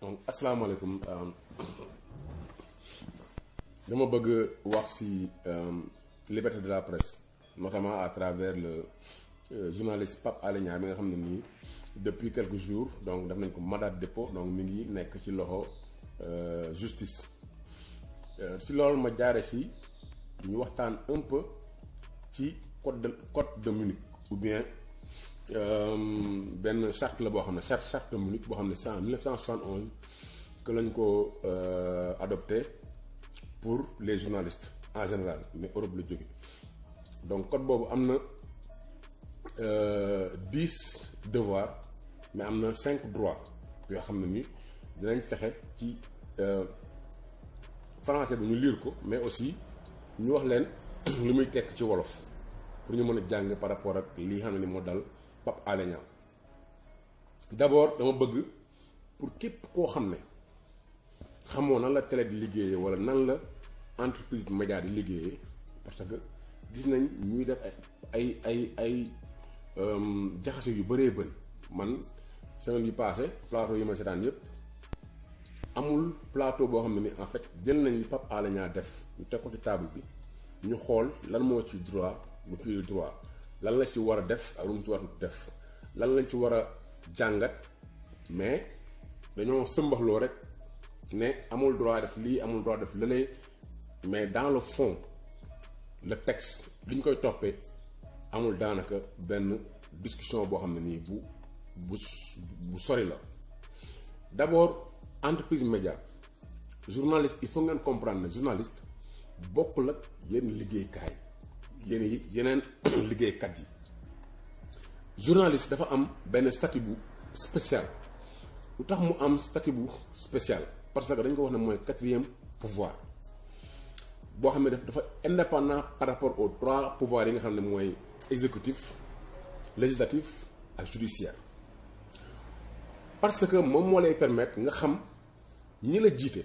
donc asalaamaaleykum euh, dama bëgg wax ci euh, liberté de la presse notamment à travers le euh, journaliste Pape Alé nga depuis quelques jours donc def nañ ko mandat de dépôt donc mi ngi nekk ci loxo justice ci loolu ma jaare ci ñu waxtaan un peu ci code de code de Munich ou bien euh, benn charte a boo charte charte Munich que lañ ko euh, adopté pour les journalistes en général mais Europe donc code a euh, dix devoirs mais am cinq droits yoo xam ni dinañ français mais aussi ñu wax ci wolof pour ñu a par rapport ak li Pape Alé Niang d'abord dama bëgg pour képp koo xam ne xamoo nan la télé di liggéeyee wala nan la entreprise de média di liggéeyee parce que gis nañ ñuy def ay ay ay euh, jaxase yu bëree bëri man semaine bi passé plateau yi ma seetaan yëpp amul plateau boo xam ne ni en jël nañ li Pape Alé def ñu teg ko ci table bi ñu xool lan moo ci droit mu ci droit lan la ci war a def ak lu mu ci war def lan lañ ci war a jàngat mais dañoo sëmbaxloo rek ne amul droit def lii amul droit def lële mais dans le fond tex texte li ñu koy toppee amul daanaka benn discussion boo xam ne nii bu bu sori la d'abord entreprise média journaliste il faut ngeen comprendre ne journaliste bokkul ak yenn liggéeykaay. yéen yeneen liggéeykat yi journaliste dafa am ben statut bu spécial lutax mu am statut bu spécial parce que dañ ko wax na moy 4e pouvoir bo xam ne dafa indépendant par rapport aux trois pouvoirs yi nga xam moy exécutif législatif ak judiciaire parce que moom mo lay permettre nga xam ñi la jiite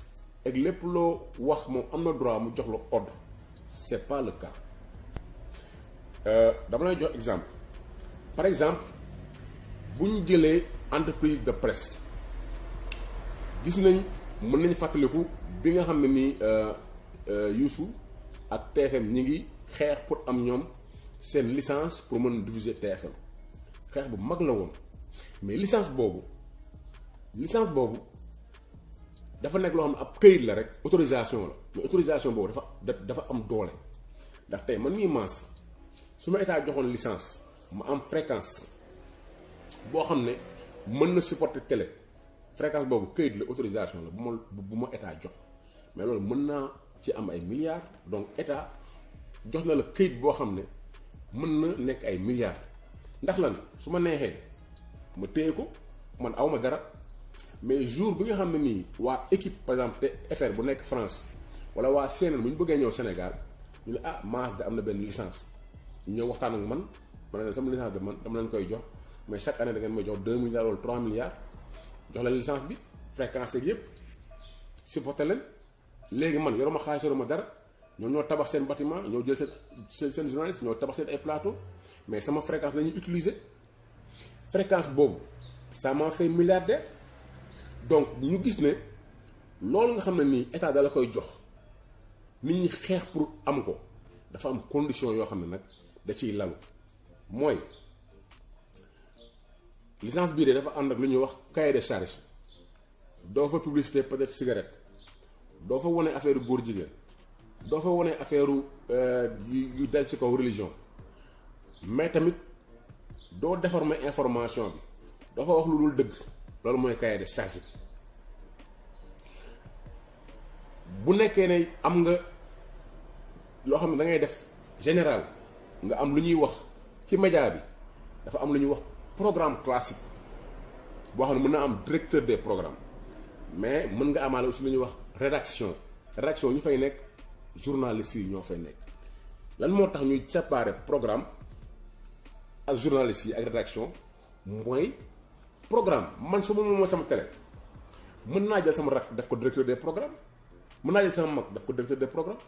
et lépp loo wax moom droit mu jox ordre c'est pas le cas euh, dama exemple par exemple bu entreprise de presse gis nañ mën nañ fàttaliku bi nga xam ne nii euh, euh, Youssou TFM pour am licence pour mën diviser TFM bu mag mais licence boobu licence dafa nekk loo xam ne ab këyit la rek autorisation la mais autorisation boobu dafa dafa am doole ndax tey man mii maas su ma état joxoon licence ma am fréquence boo xam ne mën na supporter télé fréquence boobu këyit la autorisation la bu ma bu ma état jox mais loolu mën naa ci am ay milliards donc état jox na la këyit boo xam ne mën na nekk ay milliards ndax lan su ma neexee ma téye ko man awma dara mais jour où nga une équipe par exemple FR bu France wala waa CNN bu ñëw Sénégal ñu ne ah 3 de am na licence ñëw waxtaan ak man ma sama licence de man dama mais chaque année da ngeen may 2 milliards 3 milliards jox la licence bi fréquence yëpp supporté leen léegi man dara tabax seen bâtiment ñoo jël seen ñoo tabax seen plateau mais sama fréquence utiliser fréquence ça m'a fait donc ñu gis ne loolu nga xam ne nii état dala koy jox nit ñi xeex pour am ko dafa am condition yoo xam ne nag da ciy lalu mooy licence bi de dafa ànd ak lu ñuy wax cahier de charge doo fa publicité peut-être cigarette doo fa wane affaire góor jigéen doo fa wane affaire euh, yu del ci kaw religion mais tamit doo déformer information bi doo fa wax lu dul dëgg. loolu mooy cahier de charge bu nekkee ne am nga loo xam ne da ngay def général nga am lu ñuy wax ci média bi dafa am lu ñuy wax programme classique boo xam ne mën na am directeur des programmes mais mën nga amaale aussi lu ñuy wax rédaction rédaction ñu fay nekk journaliste yi ñoo fay nekk lan moo tax ñuy séparer programme ak journaliste yi ak rédaction mooy programme man sama ma sama télé mën naa jël sama rak def ko directeur des programmes mën naa jël sama mag def ko directeur des programmes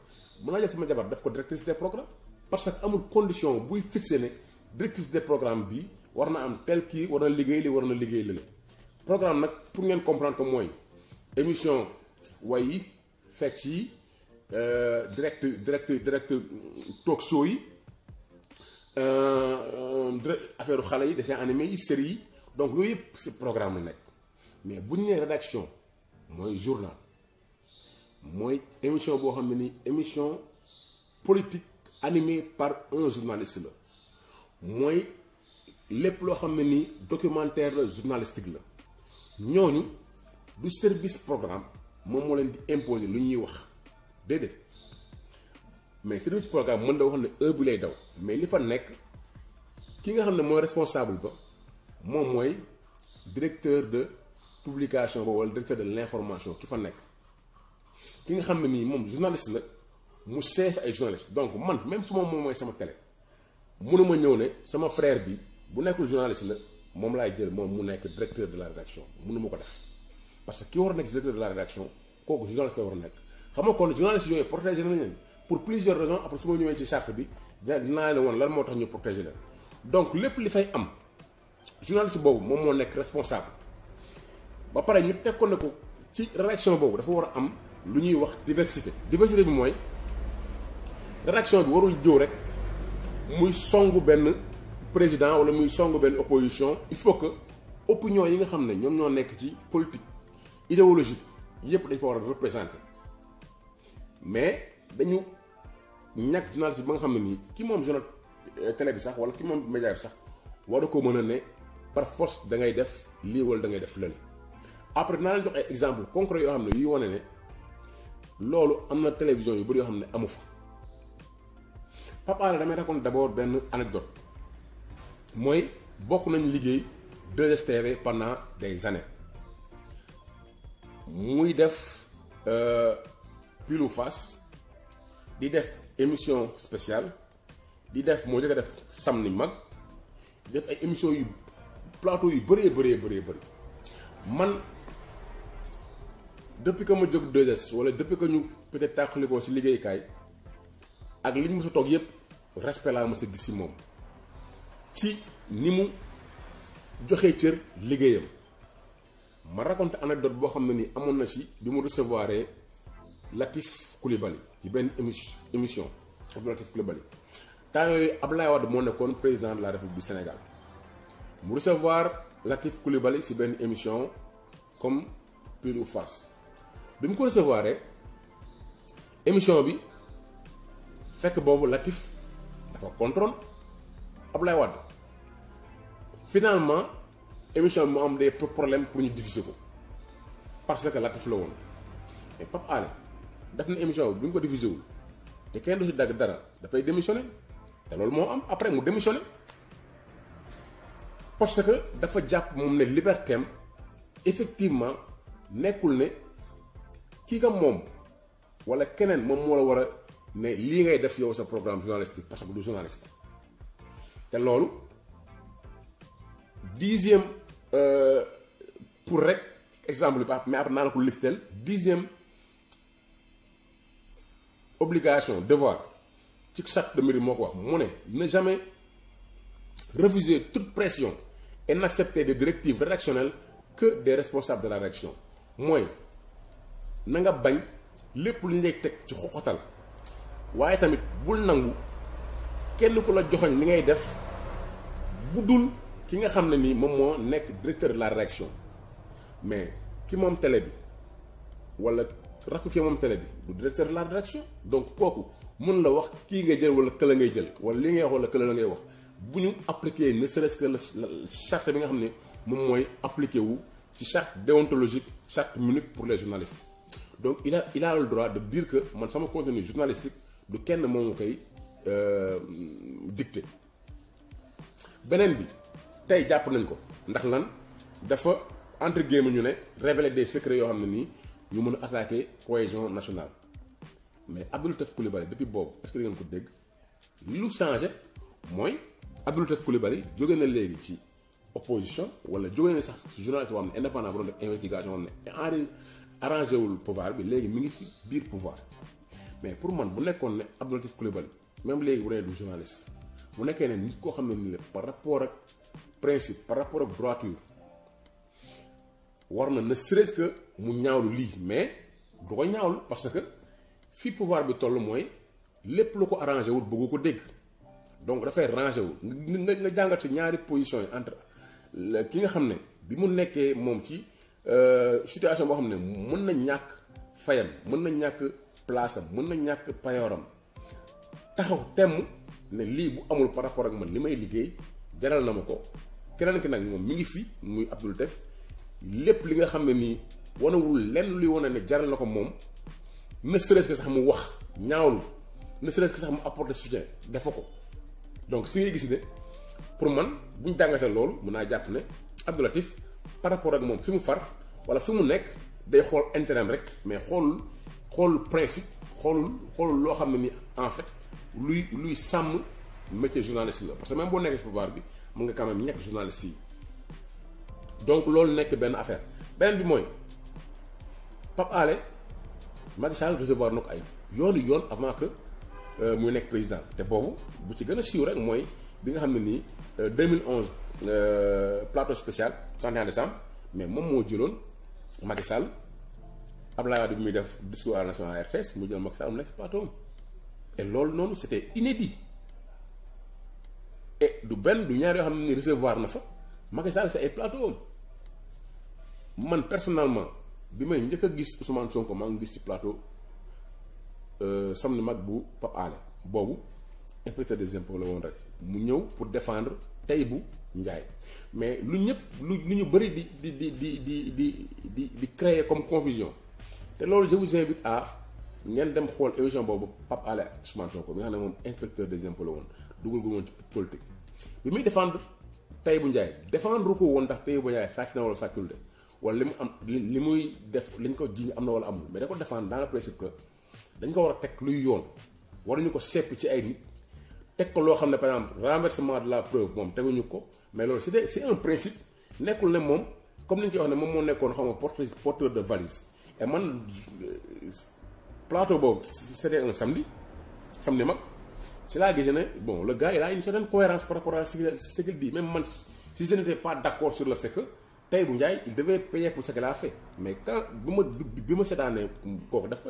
mën naa jël sama jabar def ko directrice des programmes parce que amul condition buy fixé ne directrice des programmes bi war na am tel kii war na liggéey li war na liggéey lële programme nag pour ngeen comprendre que mooy émission way yi fecc yi euh, direct direct direct talk show yi euh, euh, affaire xale yi dessin animé yi série yi donc lui c'est programme net, mais bu une rédaction un journal C'est émission émission politique animée par un journaliste C'est un lépp documentaire journalistique Nous, avons du service programme qui est imposé. di imposer wax mais service programme il da wax le heure bu mais li fa nekk ki nga responsable moom mooy directeur de publication wala directeur de l'information ki fa nekk ki nga xam ne nii moom journaliste la mu seef ay journaliste donc man même su moom moom mooy sama télé mënuma ñëw ne sama frère bi bu nekkul journaliste la moom laay jël moom mu nekk directeur de la rédaction mënuma ko def parce que ki war a nekk directeur de la rédaction kooku journaliste la war a nekk xam nga kon journaliste yooyu protégé nañ leen pour plusieurs raisons après su ma ñëwee ci charte bi dinaa leen woon lan moo tax ñu protégé leen donc lépp li fay am journaliste bobu mom mo nek responsable ba pare ñu teg ko ko ci rédaction bobu dafa wara am lu ñuy wax diversité diversité bi moy rédaction bi warul jóg rek muy songu ben président wala muy songu ben opposition il faut que opinion yi nga xam ñom ñoo nek ci politique idéologique yépp dañ fa war représenter mais dañu ñàkk journaliste bi ba nga xam ne ki mom journal euh, télé bi sax wala ki mom média bi sax war ko mën a ne par force da ngay def lii wala da ngay def lële après naa leen jox ay exemple concret yo xamne ne yuy wane ne loolu télévision yu bëri yo xamne amu fa Papa la damay rekone d'abord ben anecdote moy bokku nañ liggéey 2STV pendant des années muy def euh pilou face di def émission spéciale di def moo jëkk def sam mag def ay émission yu plateau yu bëree bëree bëree bëri man depuis que ma jóg 2S wala depuis que ñu peut-être je si liggéeykaay ak a respect laa Je a si moom ci ni mu joxee cër liggéeyam ma raconte anecdote boo xam recevoir Latif Koulibaly ci émission émission Latif Koulibaly. temps président de la République du Sénégal pour recevoir Latif Coulibaly c'est ben émission comme pile ou face bi mu ko recevoir émission bi fekk boobu Latif dafa contrôle Ablaye Wade finalement émission bi am des problèmes pour nous diffuser parce que Latif la Et mais Pape Alé def na émission bi bu ko diffusé wul quand kenn du démissionner. dara dafay démissionné après démissionné parce que dafa japp mom ne liberté effectivement nekkul ne kii nga moom wala keneen mom moo la war ne lii ngay def yow sa programme journalistique parce que du journaliste te loolu dixième euh, pour rek exemple bi mais après naa la ko listeel dixième obligation devoir ci charte de mairie moo ko wax mu ne ne jamais refuser toute pression et n'accepter des directives rédactionnelles que des responsables de la rédaction Moi, na nga bañ lépp lu ñu lay teg ci xoxotal waaye tamit bul nangu kenn ku la joxoñ li ngay def bu ki nga xamné ni mom mo nek directeur de la rédaction mais ki mom télé bi wala rakku ki mom télé bi du directeur de la rédaction donc kooku mun la wax ki nga jël wala këla ngay jël wala li ngay wax wala këla la ngay wax si nous appliquer ne serait-ce que la charte bi nga xam ne moom appliqué wu ci charte déontologique chaque minute pour les journalistes donc il a il a le droit de dire que mon contenu journalistique du quel moomu euh, dicté beneen bi tey jàpp nañ ko ndax lan dafa entre guillemets ñu révéler des secrets qui xam nous nii ñu cohésion nationale mais Abdou le Coulibaly depuis Bob, est-ce que vous ngeen ko dégg lu changé Abdoulaye Koulibaly jogé na légui ci opposition wala jogé na sax ci journaliste boo xam indépendant bu def investigation am ne arrangé wul pouvoir bi légui mi ngi si biir pouvoir mais pour man bu nekkoon ne Abdoulaye Koulibaly même légui bu né du journaliste mu nekkee ne nit ko xamné ni par rapport ak principe par rapport ak droiture war na ne serait-ce que mu ñaawlu lii mais du ko ñaawlu parce que fi pouvoir bi toll mooy lépp lu ko arrangé wul bëgg ko dégg donc dafay rangé wu nga nga jàngat si ñaari position entre le ki nga xam bi mu nekké mom ci euh situation bo xam mën na ñak fayam mën na ñak place am mën na ñak payoram taxaw temm ne li bu amul par rapport ak man limay may liggéey jaral na ma ko keneen ki nag moom mi ngi fi muy Abdou Def lépp li nga xam ne nii wanewul lenn luy wane ne jaral na ko moom ne serait-ce que sax mu wax ñaawlu ne serait-ce que sax mu apporter soutien defa ko donc si vous gis pour moi, bu ñu jàngatee loolu mun par rapport ak moom fi far wala day mais vous principe en fait luy luy métier journaliste parce que même boo bi quand même journaliste donc loolu nekk benn affaire beneen bi mooy vous Macky Sall recevoir ay avant que euh, mu nekk président te boobu bu ci gën a siiw rek mooy bi nga xam ne nii 2011 euh, euh, plateau spécial 31 décembre mais moom moo jëloon Macky Sall Abdoulaye Wade bi muy def discours à la RTS mu jël Macky Sall mu nekk si plateau et loolu noonu c'était inédit et du benn du ñaar yoo xam ne ni recevoir na fa Macky Sall si ay plateau man personnellement bi may njëkk a gis Ousmane Sonko maa ngi gis si plateau. Euh, sam na mag bu Pape Alé boobu inspecteur des impôts la woon rek mu ñëw pour défendre Taïbou Ndiaye mais lu ñep lu ñu bari di di di di di di di di créer comme confusion té lolu je vous invite à ngeen dem xol émission bobu pap ale Ousmane Sonko mi nga xam ne inspecteur des impôts la woon dugul gu woon ci politique bi mi défendre Taïbou Ndiaye défendre ko won ndax Taïbou Ndiaye sàcc na wala sàccul wala li mu am li def liñ ko jiñ am na wala amul mais da ko défendre dans le principe que dañ ko war a teg luy yoon waruñu ko sepp ci ay nit teg ko loo xam ne par exemple renversement de la preuve moom teguñu ko mais loolu c'est c'est un principe nekkul ne moom comme ni ñu koy wax ne moom moo nekkoon xam nga porteur de valise et man euh, plateau boobu c'était un samedi samedi mag si la gisee ne bon le gars il a une certaine cohérence par rapport à ce qu'il dit même man si je n'étais pas d'accord sur le fait que Taïbou Ndiaye il devait payer pour ce qu'il a fait mais quand bi ma bi ma seetaanee kooku daf ko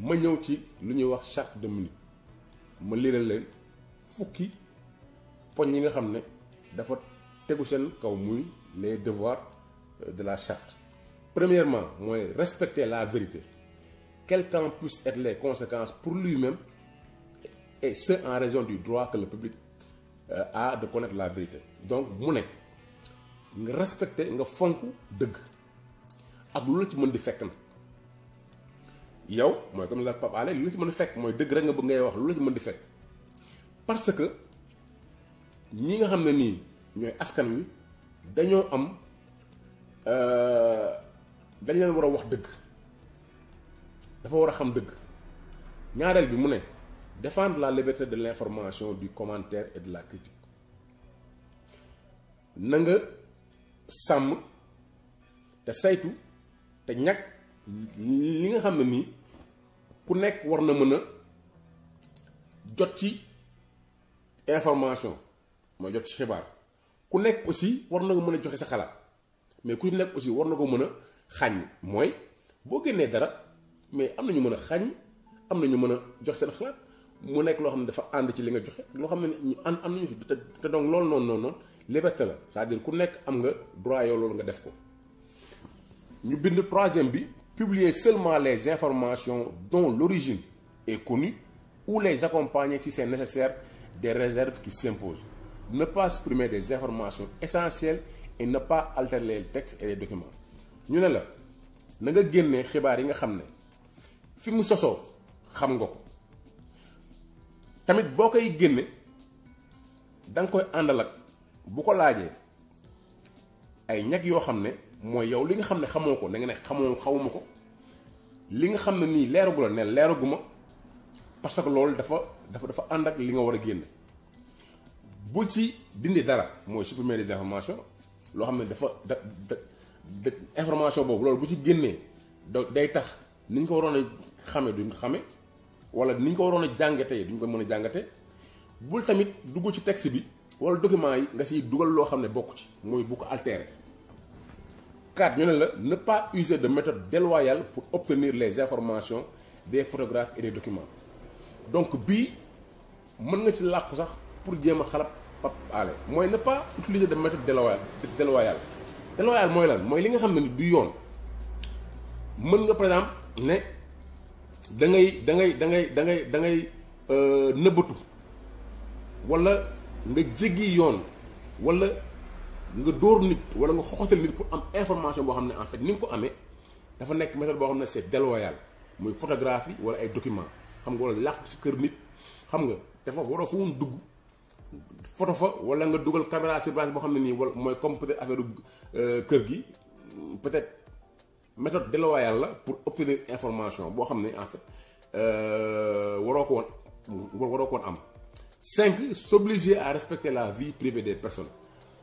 ma ñëw ci lu ñuy wax charte de minute ma liral leen fukki poñ yi nga xam dafa tegu seen kaw muy les devoirs euh, de la charte premièrement mooy respecter la vérité Quelqu'un puisse être les conséquences pour lui-même et ce en raison du droit que le public euh, a de connaître la vérité donc mu ne nga respecter nga fonk dëgg ak lu la ci mën di fekk na yow mooy comme la Pape lu ci mën a fekk mooy dëgg rek ngay wax lu ci di parce que ñi nga xam ne nii askan wi dañoo am euh, dañ leen war wax dëgg dafa war xam bi mu défendre la liberté de l'information du commentaire et de la critique na nga sàmm te saytu te ñag li nga xam ku nek war jot ci information mo jot ci xibar ku nek aussi war na joxe sa xalaat mais ku nek aussi war na ko xagn moy bo dara mais amna ñu a amna ñu jox mu nek lo xamne dafa and ci li nga joxe lo xamne ñu te donc lool non, non, non, liberté la c'est-à-dire ku nek am nga droit yow lool nga def ko ñu bind troisième bi publier seulement les informations dont l'origine est connue ou les accompagner si c'est nécessaire des réserves qui s'imposent. Ne pas supprimer des informations essentielles et ne pas altérer les textes et les documents. Nous, ne la na nga génne xibaar yi nga xam ne fi mu sosoo xam nga ko tamit boo koy génne Nous nga koy Nous ak bu ko que ay ñag yoo xam ne mooy yow li nga xam ne nga ne xamoo xawuma li nga xam ne nii leeragu ne leeragu ma parce que loolu dafa dafa dafa ànd ak li nga war a génne bul ci dindi dara mooy supprimer des informations loo xam ne dafa da information boobu loolu bu ci génnee da day tax ni ñu ko waroon a xame duñ ko xame wala ni ñu ko waroon a jàngatee duñ ko mën a jàngate bul tamit dugg ci texte bi wala document yi nga siy dugal loo xam ne bokk ci mooy bu ko altéré car ñu ne pas user de méthodes déloyales pour obtenir les informations des photographes et des documents donc bii mën nga ci làqu sax pour jéem a xalab Pape Alé mooy ne pas utiliser de méthode Déloyales, déloyale déloyale moi, lan mooy li nga xam ne du yoon mën nga par exemple ne da ngay da ngay da ngay da ngay da ngay euh, nëbbatu wala nga jéggi yoon wala nga dóor nit wala nga xoxatal nit pour am information boo xam ne en fait ni nga ko amee dafa nekk méthode boo xam ne c'est déloyal muy photographie wala ay document xam nga wala làqu si kër nit xam nga te foofu waroo fa woon dugg photo fa wala nga dugal caméra surveillance boo xam ne nii wala mooy comme peut-être affaire euh, kër gi peut-être méthode déloyal la pour obtenir information boo xam ne en fait euh, waroo ko woon waroo ko woon am cinq s'obliger à respecter la vie privée des personnes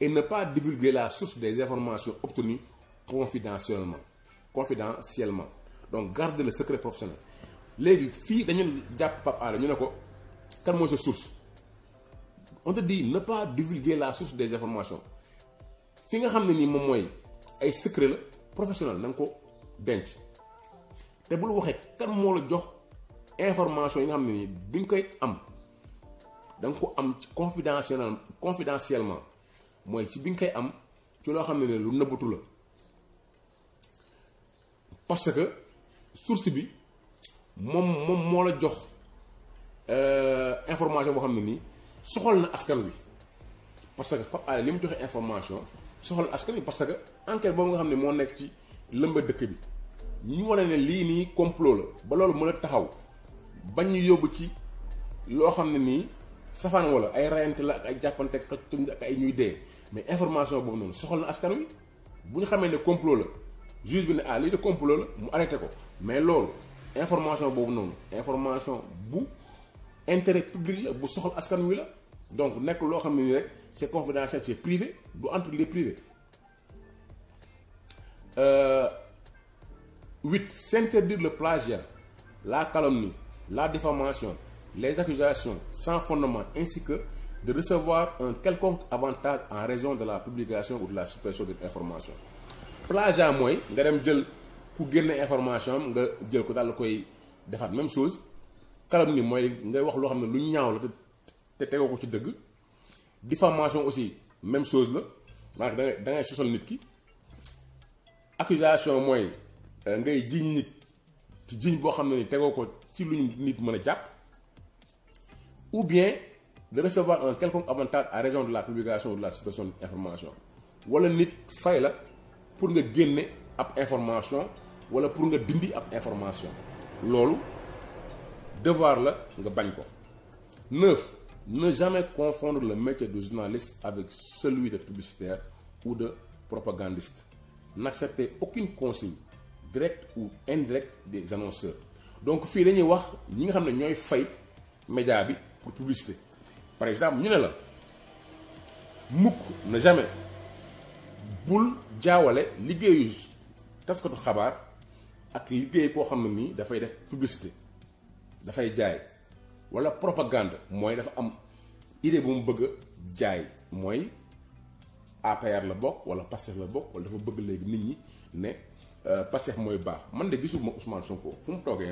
et ne pas divulguer la source des informations obtenues confidentiellement confidentiellement donc garde le secret professionnel Les filles, dañu jàpp dit, Alé ñu ne ko source on te dit ne pas divulguer la source des informations fi nga est le secret professionnel c'est nga ko Et te bul que kan moo la jox information yi nga am confidentiellement confidentiellement mooy ci bi nga am ci loo xam ne lu parce que source bi moom moom moo la jox euh, information boo xam ne na askan parce que papa li mu joxe information soxal askan parce que enquête boobu nga ne moo ci lëmba dëkk bi ñu complot la taxaw ñu ci ne la mais information boobu noonu soxal askan wi bu ñu complot la juge complot mais information boobu information bu intérêt public donc c'est privé euh, s'interdire le plagiat la calomnie la diffamation les accusations sans fondement ainsi que de recevoir un quelconque avantage en raison de la publication ou de la suppression d'une information à moi nga dem jël ku de information am nga le ko daal koy defaat même chose calomnie mooy ngay wax loo xam ne lu ñaaw la te ko ci dëgg diffamation aussi même chose là. maanaam da les da nit ki accusation mooy un euh, jiñ nit ci jiñ boo xam ne ni tegoo ko ci lu nit ou bien de recevoir un quelconque avantage à raison de la publication ou de la suppression d'information. Ou wala nit pour nous gagner ab information ou pour nous dindi ab information Lolo, devoir la nga bañ neuf ne jamais confondre le métier de journaliste avec celui de publicitaire ou de propagandiste n'acceptez aucune consigne directe ou indirecte des annonceurs donc fi dañuy wax ñi nga xamné ñoy fay pour publicité par exemple nous ne la jamais de jaawale ne de de publicité de jaay de propagande mooy dafa am idée bu mu bëgg jaay mooy APR la bok wala Pastef la bok wala dafa bëgg léegi nit ñi ne euh, Pastef mooy baax man de gisuma Ousmane Sonko mu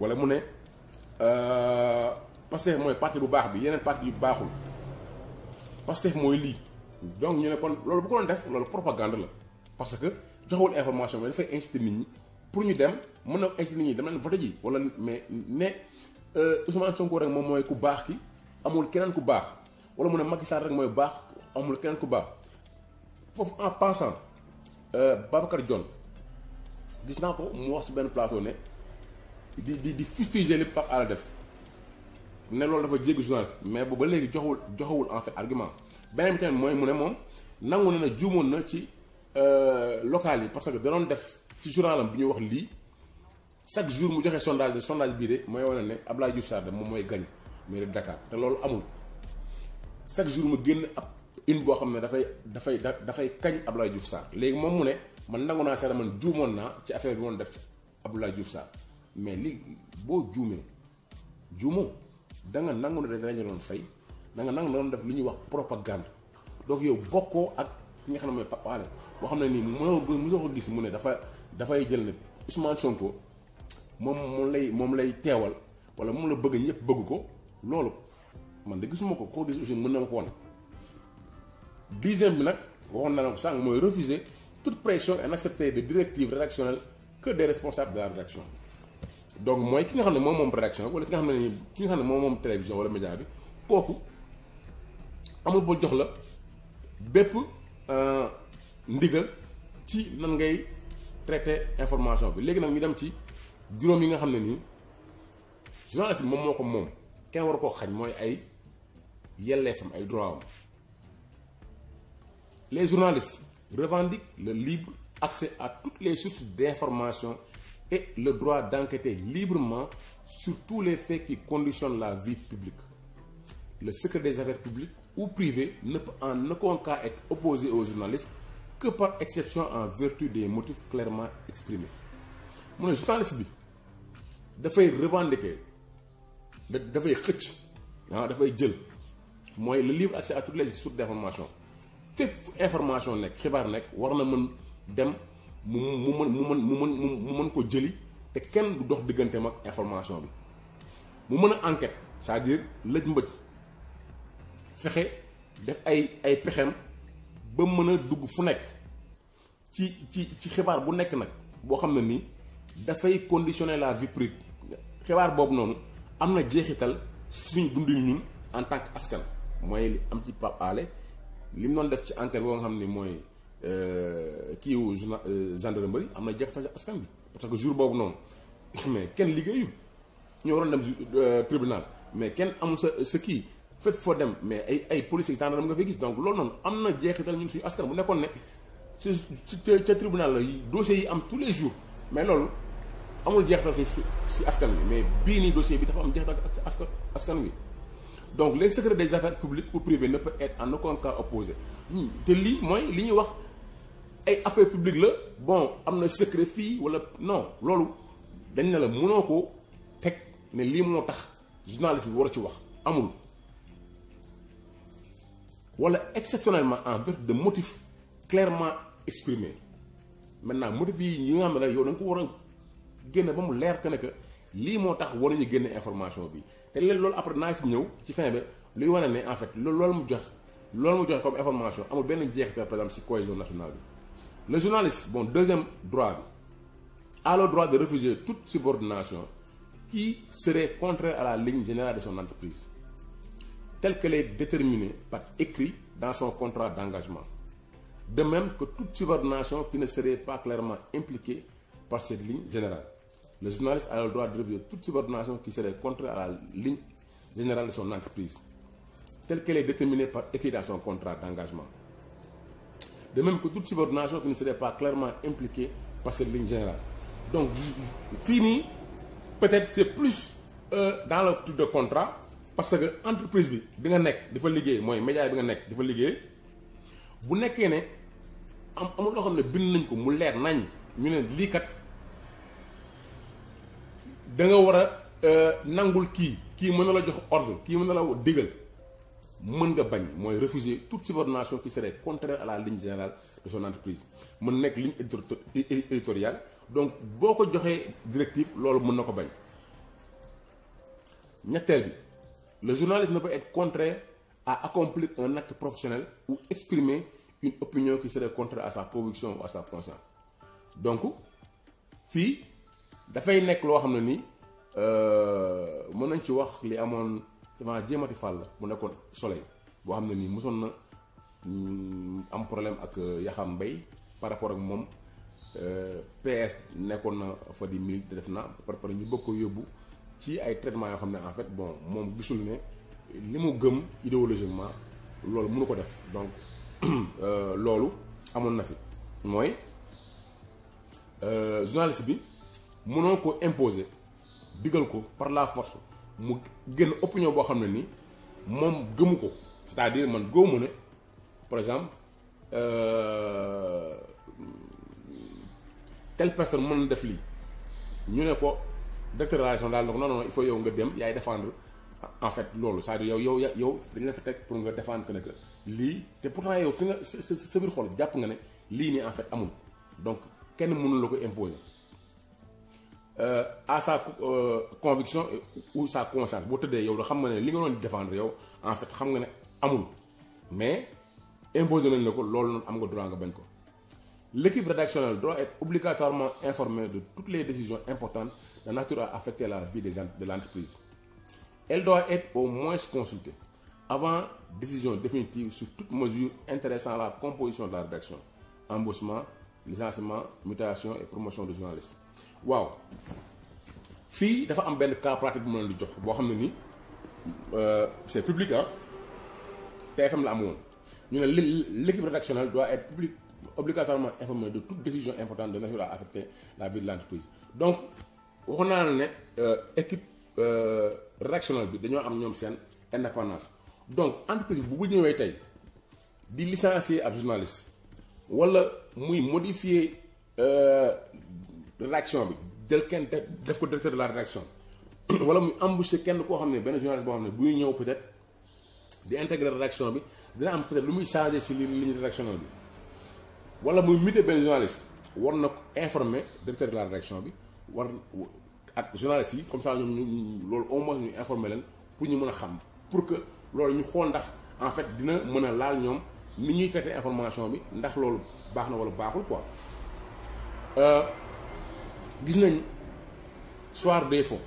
wala mu ne euh, pasteur mooy parti bu baax bi yeneen parti yu baaxul pasteur mooy lii donc ñu ne kon loolu bu ko doon def loolu propagande la parce que joxewul information dafay inciter nit ñi pour ñu dem mën na inciter nit ñi ji wala mais ne euh, Ousmane Sonko rek moom mooy ku baax ki amul keneen ku baax wala mu ne Macky rek mooy baax amul keneen ku en passant euh, Babacar John, gis naa ko wax plateau di di di fustiger li Pape Alé def ne loolu dafa jéggi journaliste mais bu ba léegi joxawul joxawul en fait argument beneen bi tamit mooy mu ne moom nangu na ne juumoon na ci euh, local yi parce que danoon def ci journalam bi ñuy wax lii chaque jour mu joxe sondage de sondage mooy wane ne Abdoulaye Diouf moom mooy gañ mairie de te loolu amul chaque jour mu génn ab une boo xam ne dafay dafay dafay kañ Abdoulaye Diouf Sarr léegi moom mu ne man nangu naa seera man juumoon naa ci affaire bi moon def ci Abdoulaye Diouf Sarr mais li boo juumee juumoo da nga nangu ne dañ la doon da nga nangu doon def lu ñuy wax propagande donc yow bokkoo ak ki nga xam ne mooy Pape Alé boo xam ne nii mënoo mënoo ko gis mu ne dafa dafay jël ne Ousmane Sonko moom moom lay moom lay teewal wala moom la bëgg ñëpp bëgg ko loolu man de gisuma ko koo gis aussi mën na ma ko wan dixième bi nag waxoon na ne ko sànq mooy refuser toute pression et accepter des directives rédactionnelles que des responsables de la rédaction donc moy ki nga xam ne mom production wala ki nga xam ne ki nga xam mom moom télévision wala média bi kooku amul ba jox la bép euh ndigal ci nan ngay traiter information bi légui nak ñu dem ci juroom yi nga xam ni journaliste mom moko mom ko war ko xagn moy ay yelleefam ay droit les journalistes revendiquent le libre accès à toutes les sources d'information et le droit d'enquêter librement sur tous les faits qui conditionnent la vie publique. Le secret des affaires publiques ou privées ne peut en aucun cas être opposé aux journalistes que par exception en vertu des motifs clairement exprimés. Mon journaliste bi dafay revendiquer dafay critiquer. ah dafay jël Moi, le libre accès à toutes les sources d'informations informations, information nekk xibaar nekk war dem mu mu mën mu mën ko jëli te kenn du dox digganteem ak information bi mu mën a enquête c'est-à-dire lëj mbëj fexe def ay ay pexem ba mën a dugg fu nekk ci ci ci xibaar bu nekk nag boo xam ne nii dafay conditionner la vie privée xibaar boobu noonu am na jeexital suñu dundin ñun en tant que askan mooy li am ci Pape Alé li mu doon def ci enquête boo nga xam mooy qui euh, wu au euh, gendarmerie amna na jafe askan bi parce que jour bobu non mais ken liggéeyul ñu waron dem euh, tribunal mais ken amul ce qui fait fépp dem mais ay ay policiers gendarme nga fi gis donc loolu non amna na jeexital ñu suñu askan bu nekkoon ne ci tribunal la dossiers yi am tous les jours mais loolu amul jeexital suñu si askan mais bi ni dossier bi dafa am jeexital askan askan donc les secrets des affaires publiques ou privées ne peut être en aucun cas opposé hmm, te li, mooy li ñuy ay affaire publique la bon amna secret fi wala non lolou dañ ne la journaliste ci wax amul wala exceptionnellement en vertu de motifs clairement exprimés maintenant motif, yi ñi nga xam yow da ko ba mu que information bi té qui est après na ci ci fin luy wone en fait lool jox jox comme information amul benn par exemple cohésion nationale le journaliste bon deuxième droit a le droit de refuser toute subordination qui serait contraire à la ligne générale de son entreprise telle qu'elle est déterminée par écrit dans son contrat d'engagement de même que toute subordination qui ne serait pas clairement impliquée par cette ligne générale le journaliste a le droit de refuser toute subordination qui serait contraire à la ligne générale de son entreprise telle qu'elle est déterminée par écrit dans son contrat d'engagement de même que toute subordination qui ne serait pas clairement impliquée par cette ligne générale. Donc, fini, peut-être c'est plus euh, dans le type de contrat, parce que l'entreprise, bi bi nga nek dafa liggéey mooy média bi nga nek si liggéey bu nekkee ne am amul loo xam ne bind nañ ko mu leer nañ ñu ne lii kat da nga war de euh, nangul ordre mën nga bañ mooy refuser toute subordination qui serait contraire à la ligne générale de son entreprise mën nekk ligne éditoriale donc boo ko joxee directive loolu mën na ko bañ ñetteel bi le journaliste ne peut être contraire à accomplir un acte professionnel ou exprimer une opinion qui serait contraire à sa conviction ou à sa conscience donc fii dafay nekk loo xam ne ni euh, mën nañ ci wax li amoon devant Dié Mati Fall mu nekkoon soleil boo xam ne nii mosoon na mm, am problème ak euh, Yaxam mbay par rapport ak moom euh, PS nekkoon na fa di mil def naa par rapport ñu bokk ko yóbbu ci ay traitement yoo xam ne en fait bon moom gisul ne li mu gëm idéologiquement loolu mënu ko def donc euh, loolu amoon na fi mooy journaliste bi mënoo ko imposer digal ko par la force mu génn opinion boo xam ne ni moom gëmu ko c'est-à-dire man gëmu ne par exemple euh, telle personne mën na def lii ñu ne ko directeur relation daal donc non non il faut yow nga dem yaay défendre ah, en fait loolu c'est-à-dire yow yow yow dañ la fa teg pour nga défendre que ne que lii te pourtant yow fi nga sa sa biir xol jàpp nga ne lii nii en fait amul donc kenn mënul la ko imposer. Euh, à sa euh, conviction euh, ou sa conscience Si yow xam nga en fait mais imposé le droit l'équipe rédactionnelle doit être obligatoirement informée de toutes les décisions importantes de nature à affecter la vie des de l'entreprise elle doit être au moins consultée avant décision définitive sur toute mesure intéressant la composition de la rédaction embauchement licenciement mutation et promotion de journalistes waaw fii dafa am un cas pratique bu ma le di jox euh, c'est public hein. TFM la l'équipe rédactionnelle doit être obligatoirement informée de toute décision importante de nature à affecter la vie de l'entreprise donc on a une équipe euh, rédactionnelle bi dañoo am indépendance donc entreprise bu bu ñëwee tey di licencier un journaliste wala muy modifier euh, de l'action bi jël kenn def ko directeur de la rédaction wala muy embauché kenn koo xam ne benn journaliste boo xam ne buy ñëw peut-être di intégrer rédaction bi dina am peut-être lu muy changé ci li ligne rédactionnelle bi wala muy mité benn journaliste war na informer directeur de la rédaction bi war ak journaliste yi comme ça ñoom ñu loolu au moins ñu informer leen pour ñu mën a xam pour que loolu ñu xool ndax en fait dina mën a laal ñoom ni ñuy traité information bi ndax loolu baax na wala baaxul quoi. Euh, gis soir des fonds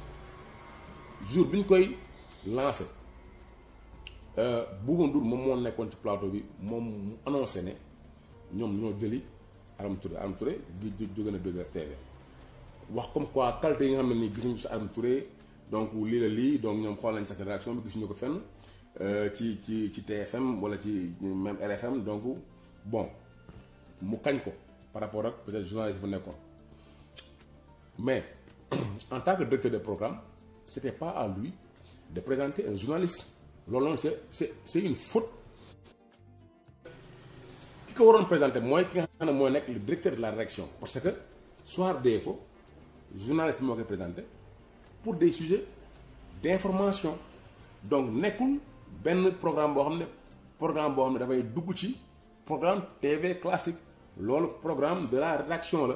jour bi ñu koy lancé euh, Bouba Ndour moom moo nekkoon ci plateau bi moom mu annoncé ne ñoom ñoo jëli Aram Touré Aram Touré di jóge na wax comme quoi qualité yi nga xam ne nii donc lii la donc sa réaction bi gis ñu ko euh, ci ci ci TFM wala ci même RFM donc bon mu ko par rapport ak peut-être journaliste bu nekkoon. Mais en tant que directeur de programme, ce n'était pas à lui de présenter un journaliste. C'est une faute. Qui vous présenter moi, qui le directeur de la rédaction. Parce que, soir défaut, le journaliste m'a présenté pour des sujets d'information. Donc, nekul ben programme bo programme bo xamné da programme TV classique le programme de la rédaction là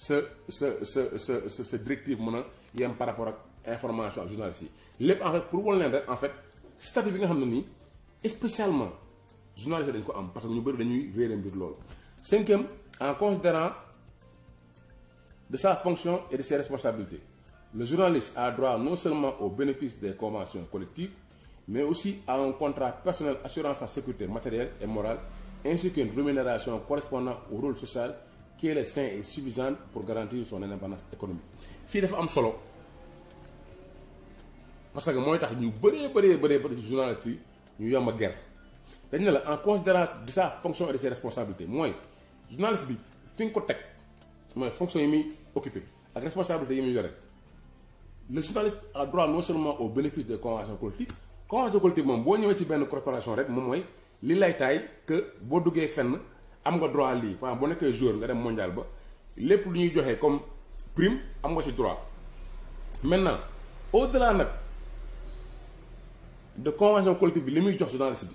ce ce ce directive a par rapport à information journalistique. journaliste en pour en fait statut qui que spécialement journaliste parce que cinquième en considérant de sa fonction et de ses responsabilités le journaliste a droit non seulement au bénéfice des conventions collectives mais aussi à un contrat personnel assurant sa sécurité matérielle et morale ainsi qu'une rémunération correspondant au rôle social qui est le sain et suffisante pour garantir son indépendance économique fii dafa am solo parce que nous tax ñu bëree bëree bëree bëri journaliste ñu en considérant de sa fonction et de ses responsabilités moi, journaliste bi fi ko teg responsabilités, fonction yi muy occupé responsabilité yi le journaliste a droit non seulement au bénéfice des conventions collectives convention collective moom boo ñëwee ci benn corporation rek moom mooy li lay que boo duggee fenn am nga droit li par bo boo joueur nga dem mondial ba lepp lu ñuy joxe comme prime am nga ci droit maintenant au delà nag de convention collective bi limuy muy jox journaliste bi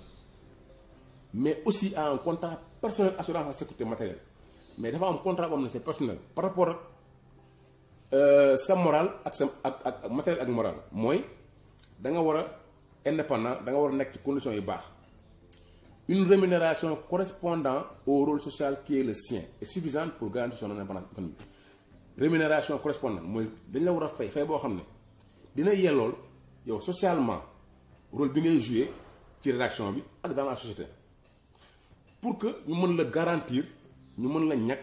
mais aussi à un contrat personnel assurance en sécurité matérielle mais dafa am contrat boo ne c'est personnel par rapport euh sa moral ak sa ak ak matériel ak moral moy da nga wara indépendant da nga wara nek ci condition yu baax une rémunération correspondant au rôle social qui est le sien est suffisante pour garantir son indépendance économique rémunération correspondante mooy dañ la nous faire. fay fay boo que ne dina yellool yow socialement rôle bi ngay jouer ci rédaction bi dans la société pour que nous puissions le garantir nous puissions le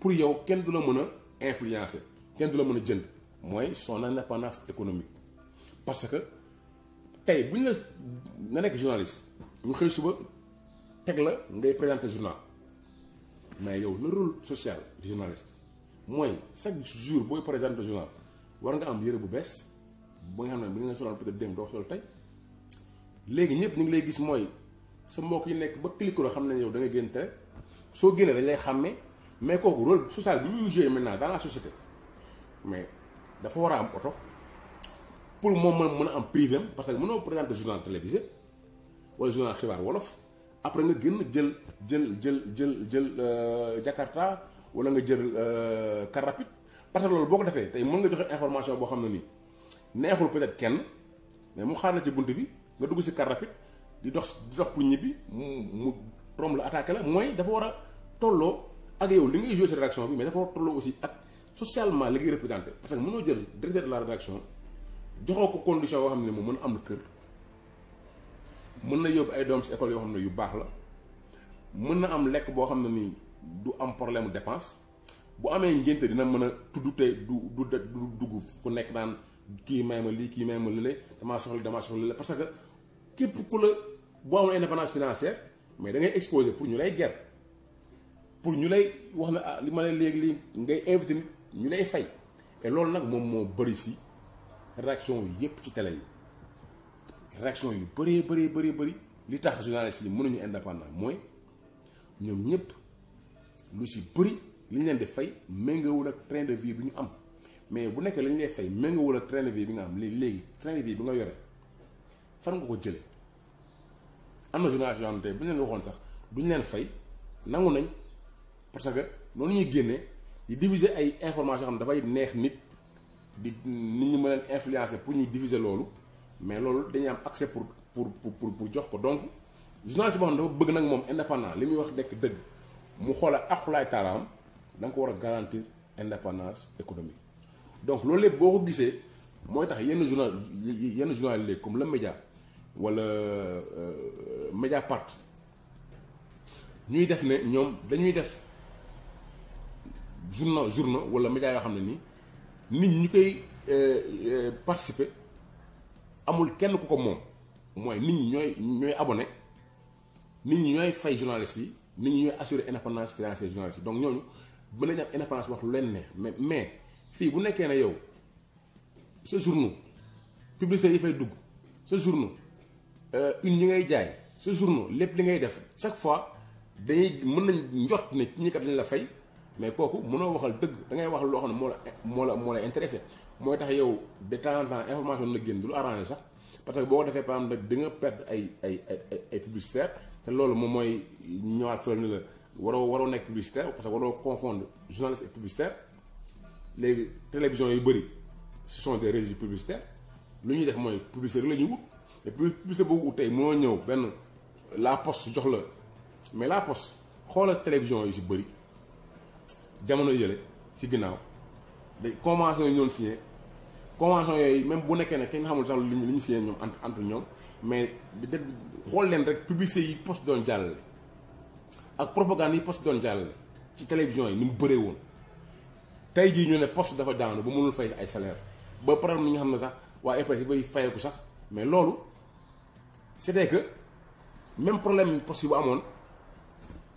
pour yow kenn ne aucun qui influencer kenn du son indépendance économique parce que si vous êtes la journaliste ñu xëy suba teg la ngay présenter journal mais yow le rôle social du journaliste mooy chaque jour booy présenter journal war nga am yëre bu bees ba nga xam ne bi nga solal peut-être dem doo sol tey léegi ñëpp ñu ngi lay gis mooy sa mbokk yi nekk ba cliquero xam ne yow da nga génn télé soo génnee dañ lay xàmmee mais kooku rôle social bi ñu jouer maintenant dans la société mais dafa war a am oto pour moom mën mën a am privé parce que mënoo présenter journal télévisé wala journal xibaar wolof après nga génn jël jël jël jël jël euh, Jakarta wala nga jël euh, car rapide parce que loolu boo ko defee tey mën nga joxe information boo xam ne nii neexul peut-être kenn mais mu xaar la ci bunt bi nga dugg ci car rapide di dox di dox pour ñibbi mu mu la attaqué la mooy dafa war a tolloo ak yow li ngay joué ci rédaction bi mais dafa war a tolloo aussi ak socialement li ngay représenté parce que mënoo jël directeur de la rédaction joxoo ko condition yoo xam ne moom mën a am kër mën na ay doom si école yoo xam yu baax la mën am lekk boo xam ne du am problème dépense bu dina a du du du ma lii kii may parce que képp ku la indépendance financière mais da exposé pour ñu lay ger pour ñu lay wax ne ah, li ma ngay et loolu nag moom moo réaction yépp ci télé yi réaction yu bëree bëri bëri bëri li tax journaliste yi mënuñu indépendant mooy ñoom ñëpp lu si bëri li ñu leen di fay méngawul ak train de vie bi ñu am mais bu nekkee lañ lay fay méngawul ak train de vie bi nga am léegi léegi train de vie bi nga yore fan nga ko jëlee am na journaliste yoo xam ne tey bu ñu leen waxoon sax duñ leen fay nangu nañ parce que noonu ñuy génnee di diviser ay information xam dafay neex nit di nit ñu mën leen influencer pour ñuy diviser loolu mais loolu dañuy am accès pour pour pour pour jox ko donc journaliste boo xam dafa bëgg nag moom indépendant li muy wax nekk dëgg mu xoola aqulaay taalaam da nga ko war a garantir indépendance économique donc loolu lépp boo ko gisee mooy tax yenn journal yenn journal léegi comme le média wala euh, part ñuy def ne ñoom dañuy def journaux journaux wala média yoo xam ne nii nit ñi koy euh, euh, participer amul kenn ku ko moom mooy nit ñi ñooy ñooy abonné nit ñi ñooy fay journaliste yi nit ñi ñooy assurer indépendance financière journaliste yi donc ñooñu mën nañu am indépendance wax lu leen ne mais mais fii bu nekkee ne yow sa journaux publicité yi fay dugg sa journaux euh, une ñi ngay jaay sa journaux lépp li ngay def chaque fois dañuy mën nañ njort ne ñi kat dañ la fay mais kooku mënoo waxal dëgg da ngay wax loo xam ne moo la moo la moo la intéressé mooy tax yow de temps en temps information la génn du lu arrangé sax parce que boo ko defee par exemple rek di nga perdre ay ay ay ay publicitaire te loolu moom mooy ñëwaat fële ni la waroo waroo nekk publicitaire parce que waroo confondre journaliste et publicitaire léegi télévision yu bëri ce sont des régies publicitaires lu ñuy def mooy publicitaire la ñuy wut te publicité boobu wut tey moo ñëw benn la poste jox la mais la poste xoolal télévision yu si bëri jamono yele ci ginnaaw day convention yi ñoon signé convention yooyu même bu nekké ne kenn xamul sax lu ñu lu ñu signé ñom entre entre ñoom mais de xool leen rek publicité yi poste doon jàllale ak propagande yi poste doon jàllale ci télévision yi ni mu bëree woon tey jii ñu né poste dafa daanu bu mënul fay ay salaire ba problème ñu nga xam ne sax waa EPS bay fayeku sax mais loolu c'est que même problème poste yi bu amoon